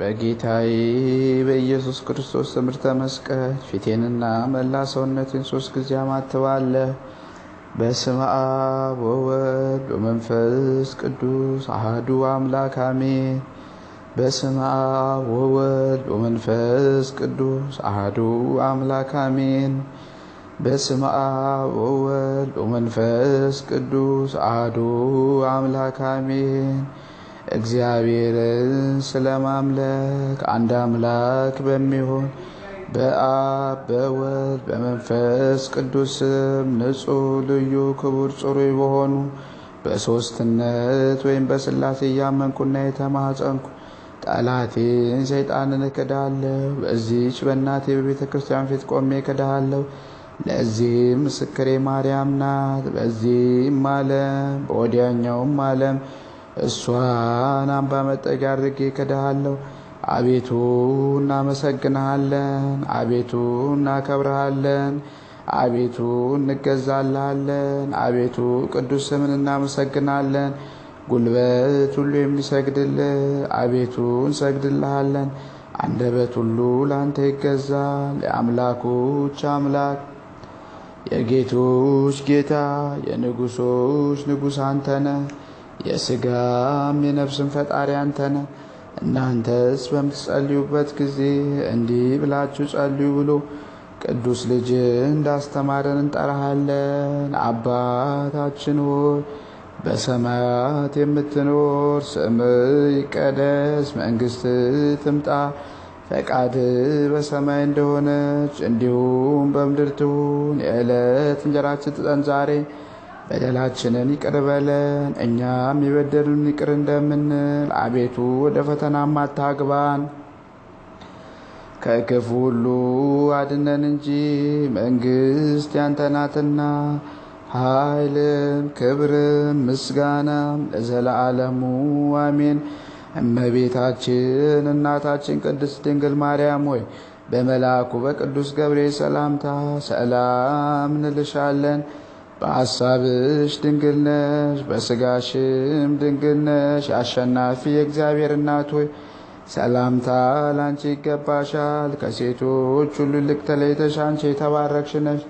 በጌታዬ በኢየሱስ ክርስቶስ ትምህርተ መስቀል ፊቴንና መላ ሰውነቴን ሶስት ጊዜ አማትባለሁ። በስመ አብ ወወልድ ወመንፈስ ቅዱስ አህዱ አምላክ አሜን። በስመ አብ ወወልድ ወመንፈስ ቅዱስ አህዱ አምላክ አሜን። በስመ አብ ወወልድ ወመንፈስ ቅዱስ አህዱ አምላክ አሜን። እግዚአብሔርን ስለማምለክ አንድ አምላክ በሚሆን በአብ በወልድ በመንፈስ ቅዱስም ንጹሕ ልዩ ክቡር ጽሩይ በሆኑ በሦስትነት ወይም በስላሴ እያመንኩና የተማጸንኩ ጠላቴን ሰይጣንን እክዳለሁ። በዚች በእናቴ በቤተ ክርስቲያን ፊት ቆሜ እክዳለሁ። ለዚህ ምስክሬ ማርያም ናት። በዚህም ዓለም በወዲያኛውም ዓለም እሷን አምባ መጠጊያ አድርጌ ክድሃለሁ። አቤቱ እናመሰግንሃለን፣ አቤቱ እናከብረሃለን፣ አቤቱ እንገዛልሃለን፣ አቤቱ ቅዱስ ስምን እናመሰግናለን። ጉልበት ሁሉ የሚሰግድልህ አቤቱ እንሰግድልሃለን። አንደበት ሁሉ ለአንተ ይገዛል። የአምላኮች አምላክ የጌቶች ጌታ የንጉሶች ንጉሥ አንተ የስጋም የነፍስን ፈጣሪ አንተነ! እናንተስ በምትጸልዩበት ጊዜ እንዲህ ብላችሁ ጸልዩ ብሎ ቅዱስ ልጅ እንዳስተማረን እንጠራሃለን። አባታችን ሆይ በሰማያት የምትኖር ስምይ ይቀደስ፣ መንግሥትህ ትምጣ፣ ፈቃድ በሰማይ እንደሆነች እንዲሁም በምድር ትሁን። የዕለት እንጀራችን ትጠን ዛሬ በደላችንን ይቅር በለን እኛም የበደሉን ይቅር እንደምንል። አቤቱ ወደ ፈተናም አታግባን ከክፉ ሁሉ አድነን እንጂ መንግሥት ያንተ ናትና፣ ኃይልም ክብርም ምስጋናም ለዘላለሙ አሜን። እመቤታችን እናታችን ቅድስት ድንግል ማርያም ሆይ በመልአኩ በቅዱስ ገብርኤል ሰላምታ ሰላም እንልሻለን። በሐሳብሽ ድንግል ነሽ፣ በስጋሽም ድንግል ነሽ። አሸናፊ የእግዚአብሔር እናት ሆይ ሰላምታ ላንቺ ይገባሻል። ከሴቶች ሁሉ ልቅ ተለይተሽ አንቺ የተባረክሽ ነሽ፣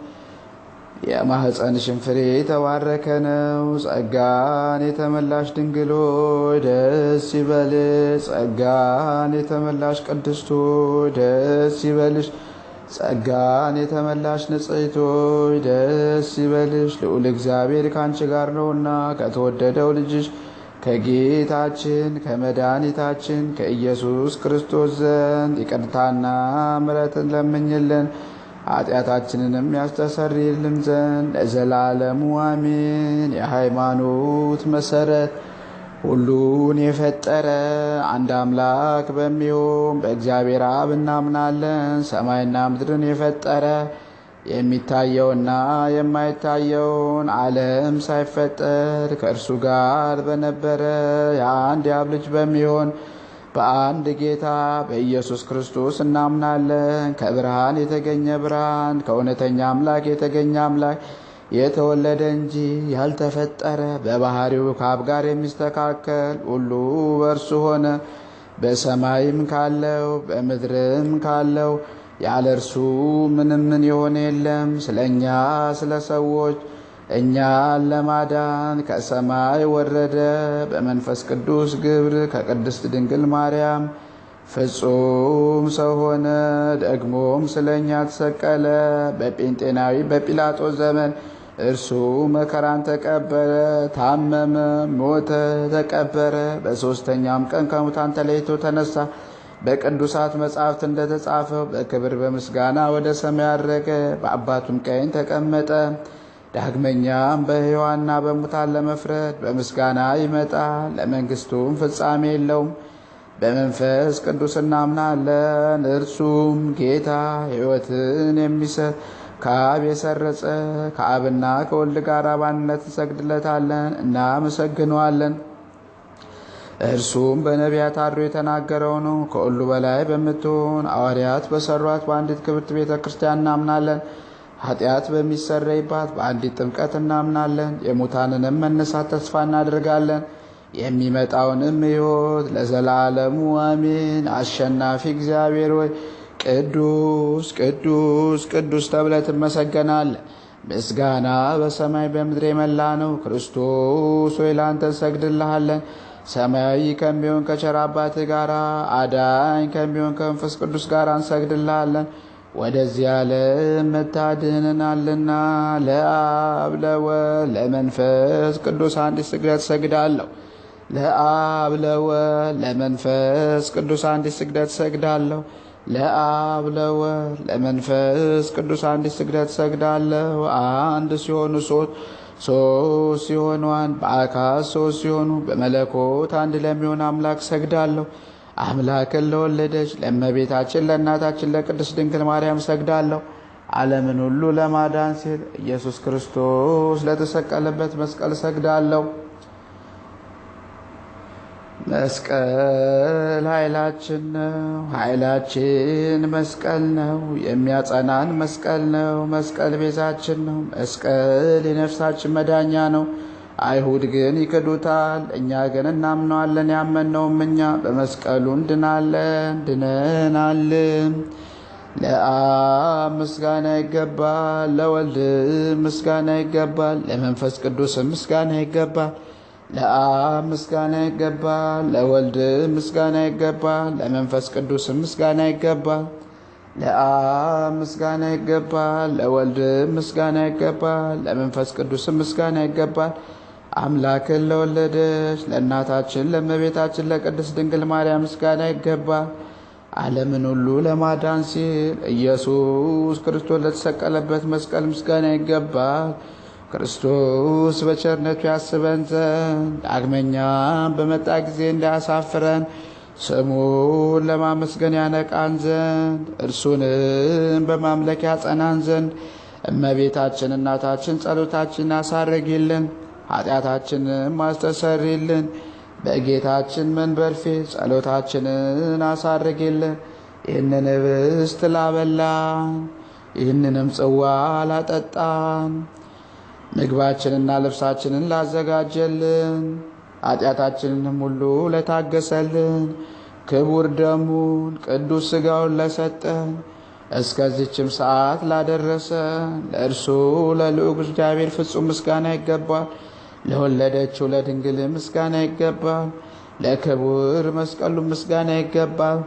የማህፀንሽን ፍሬ የተባረከ ነው። ጸጋን የተመላሽ ድንግል ሆይ ደስ ይበልሽ። ጸጋን የተመላሽ ቅድስት ሆይ ደስ ይበልሽ። ጸጋን የተመላሽ ንጽሕት ሆይ ደስ ይበልሽ፣ ልዑል እግዚአብሔር ካንቺ ጋር ነውና ከተወደደው ልጅሽ ከጌታችን ከመድኃኒታችን ከኢየሱስ ክርስቶስ ዘንድ ይቅርታና ምሕረትን ለምኝልን ኃጢአታችንንም ያስተሰርይልን ዘንድ ለዘላለሙ አሜን። የሃይማኖት መሰረት ሁሉን የፈጠረ አንድ አምላክ በሚሆን በእግዚአብሔር አብ እናምናለን። ሰማይና ምድርን የፈጠረ የሚታየውና የማይታየውን ዓለም ሳይፈጠር ከእርሱ ጋር በነበረ የአንድ የአብ ልጅ በሚሆን በአንድ ጌታ በኢየሱስ ክርስቶስ እናምናለን። ከብርሃን የተገኘ ብርሃን፣ ከእውነተኛ አምላክ የተገኘ አምላክ የተወለደ እንጂ ያልተፈጠረ በባህሪው ከአብ ጋር የሚስተካከል ሁሉ በእርሱ ሆነ። በሰማይም ካለው በምድርም ካለው ያለ እርሱ ምንምን የሆነ የለም። ስለ እኛ ስለ ሰዎች እኛን ለማዳን ከሰማይ ወረደ። በመንፈስ ቅዱስ ግብር ከቅድስት ድንግል ማርያም ፍጹም ሰው ሆነ። ደግሞም ስለ እኛ ተሰቀለ። በጴንጤናዊ በጲላጦስ ዘመን እርሱ መከራን ተቀበለ፣ ታመመ፣ ሞተ፣ ተቀበረ። በሦስተኛም ቀን ከሙታን ተለይቶ ተነሳ። በቅዱሳት መጻሕፍት እንደተጻፈው በክብር በምስጋና ወደ ሰማይ አረገ፣ በአባቱም ቀኝ ተቀመጠ። ዳግመኛም በሕያዋንና በሙታን ለመፍረድ በምስጋና ይመጣ፣ ለመንግሥቱም ፍጻሜ የለውም። በመንፈስ ቅዱስ እናምናለን፣ እርሱም ጌታ ሕይወትን የሚሰጥ ከአብ የሰረጸ ከአብና ከወልድ ጋር ንሰግድለታለን እንሰግድለታለን እናመሰግነዋለን። እርሱም በነቢያት አድሮ የተናገረው ነው። ከሁሉ በላይ በምትሆን አዋርያት በሰሯት በአንዲት ክብርት ቤተ ክርስቲያን እናምናለን። ኃጢአት በሚሰረይባት በአንዲት ጥምቀት እናምናለን። የሙታንንም መነሳት ተስፋ እናደርጋለን። የሚመጣውንም ሕይወት ለዘላለሙ አሜን። አሸናፊ እግዚአብሔር ወይ ቅዱስ ቅዱስ ቅዱስ ተብለ ትመሰገናል። ምስጋና በሰማይ በምድር የመላ ነው። ክርስቶስ ሆይ ላንተ እንሰግድልሃለን። ሰማያዊ ከሚሆን ከቸር አባት ጋር አዳኝ ከሚሆን ከመንፈስ ቅዱስ ጋር እንሰግድልሃለን። ወደዚህ ዓለም መታድህንናልና ለአብ ለወልድ ለመንፈስ ቅዱስ አንድ ስግደት ሰግዳለሁ። ለአብ ለወልድ ለመንፈስ ቅዱስ አንድ ስግደት ሰግዳለሁ። ለአብ ለወልድ ለመንፈስ ቅዱስ አንድ ስግደት ሰግዳለሁ። አንድ ሲሆኑ ሶስት ሶስት ሲሆኑ አንድ በአካል ሶስት ሲሆኑ በመለኮት አንድ ለሚሆን አምላክ ሰግዳለሁ። አምላክን ለወለደች ለእመቤታችን ለእናታችን ለቅድስት ድንግል ማርያም ሰግዳለሁ። ዓለምን ሁሉ ለማዳን ሲል ኢየሱስ ክርስቶስ ለተሰቀለበት መስቀል ሰግዳለሁ። መስቀል ኃይላችን ነው። ኃይላችን መስቀል ነው። የሚያጸናን መስቀል ነው። መስቀል ቤዛችን ነው። መስቀል የነፍሳችን መዳኛ ነው። አይሁድ ግን ይክዱታል፣ እኛ ግን እናምነዋለን። ያመንነውም እኛ በመስቀሉ እንድናለን፣ ድነናልም። ለአብ ምስጋና ይገባል፣ ለወልድ ምስጋና ይገባል፣ ለመንፈስ ቅዱስ ምስጋና ይገባል ለአብ ምስጋና ይገባል፣ ለወልድ ምስጋና ይገባል፣ ለመንፈስ ቅዱስ ምስጋና ይገባል። ለአብ ምስጋና ይገባል፣ ለወልድ ምስጋና ይገባል፣ ለመንፈስ ቅዱስ ምስጋና ይገባል። አምላክን ለወለደች ለእናታችን ለእመቤታችን ለቅድስት ድንግል ማርያም ምስጋና ይገባል። ዓለምን ሁሉ ለማዳን ሲል ኢየሱስ ክርስቶስ ለተሰቀለበት መስቀል ምስጋና ይገባል። ክርስቶስ በቸርነቱ ያስበን ዘንድ ዳግመኛም በመጣ ጊዜ እንዳያሳፍረን ስሙን ለማመስገን ያነቃን ዘንድ እርሱንም በማምለክ ያጸናን ዘንድ እመቤታችን እናታችን ጸሎታችን አሳረጊልን፣ ኃጢአታችንም አስተሰሪልን። በጌታችን መንበር ፊት ጸሎታችንን አሳረጊልን። ይህንን ህብስት ላበላን፣ ይህንንም ጽዋ ላጠጣን ምግባችንና ልብሳችንን ላዘጋጀልን ኃጢአታችንንም ሁሉ ለታገሰልን ክቡር ደሙን ቅዱስ ሥጋውን ለሰጠን እስከዚችም ሰዓት ላደረሰን ለእርሱ ለልዑል እግዚአብሔር ፍጹም ምስጋና ይገባል። ለወለደችው ለድንግል ምስጋና ይገባል። ለክቡር መስቀሉ ምስጋና ይገባል።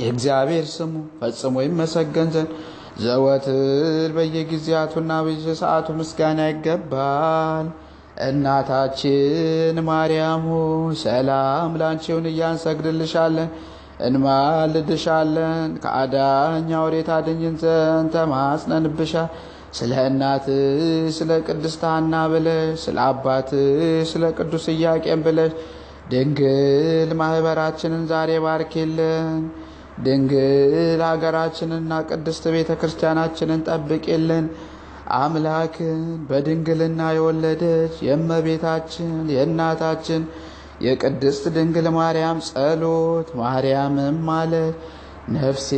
የእግዚአብሔር ስሙ ፈጽሞ ይመሰገን ዘንድ ዘወትር በየጊዜያቱና ሰዓቱ ምስጋና ይገባል። እናታችን ማርያም ሆይ ሰላም ላንቺውን እያንሰግድልሻለን እንማልድሻለን። ከአዳኝ አውሬ ታድኝን ዘንድ ተማጽነንብሻ ስለ እናት ስለ ቅድስት ሐና ብለሽ ስለ አባት ስለ ቅዱስ ኢያቄም ብለሽ ድንግል ማኅበራችንን ዛሬ ባርኪልን። ድንግል ሀገራችንና ቅድስት ቤተ ክርስቲያናችንን ጠብቅልን። አምላክን በድንግልና የወለደች የእመቤታችን የእናታችን የቅድስት ድንግል ማርያም ጸሎት ማርያምም ማለት ነፍሴ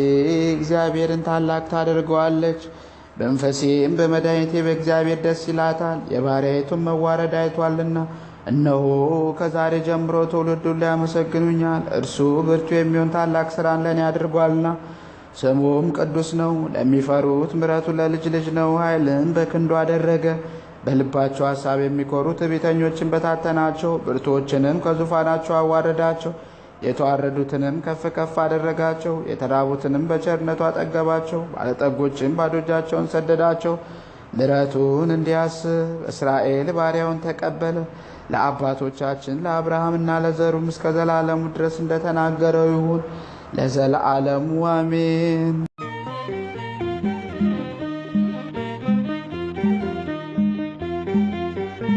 እግዚአብሔርን ታላቅ ታደርገዋለች፣ መንፈሴም በመድኃኒቴ በእግዚአብሔር ደስ ይላታል፣ የባሪያይቱን መዋረድ አይቷልና እነሆ ከዛሬ ጀምሮ ትውልዱን ሊያመሰግኑኛል። እርሱ ብርቱ የሚሆን ታላቅ ስራን ለእኔ አድርጓልና ስሙም ቅዱስ ነው። ለሚፈሩት ምረቱ ለልጅ ልጅ ነው። ኃይልን በክንዱ አደረገ። በልባቸው ሐሳብ የሚኮሩ ትዕቢተኞችን በታተናቸው። ብርቶችንም ከዙፋናቸው አዋረዳቸው። የተዋረዱትንም ከፍ ከፍ አደረጋቸው። የተራቡትንም በቸርነቱ አጠገባቸው። ባለጠጎችም ባዶ እጃቸውን ሰደዳቸው። ምረቱን እንዲያስብ እስራኤል ባሪያውን ተቀበለ። ለአባቶቻችን ለአብርሃምና ለዘሩም እስከ ዘላለሙ ድረስ እንደተናገረው ይሁን ለዘላለሙ አሜን።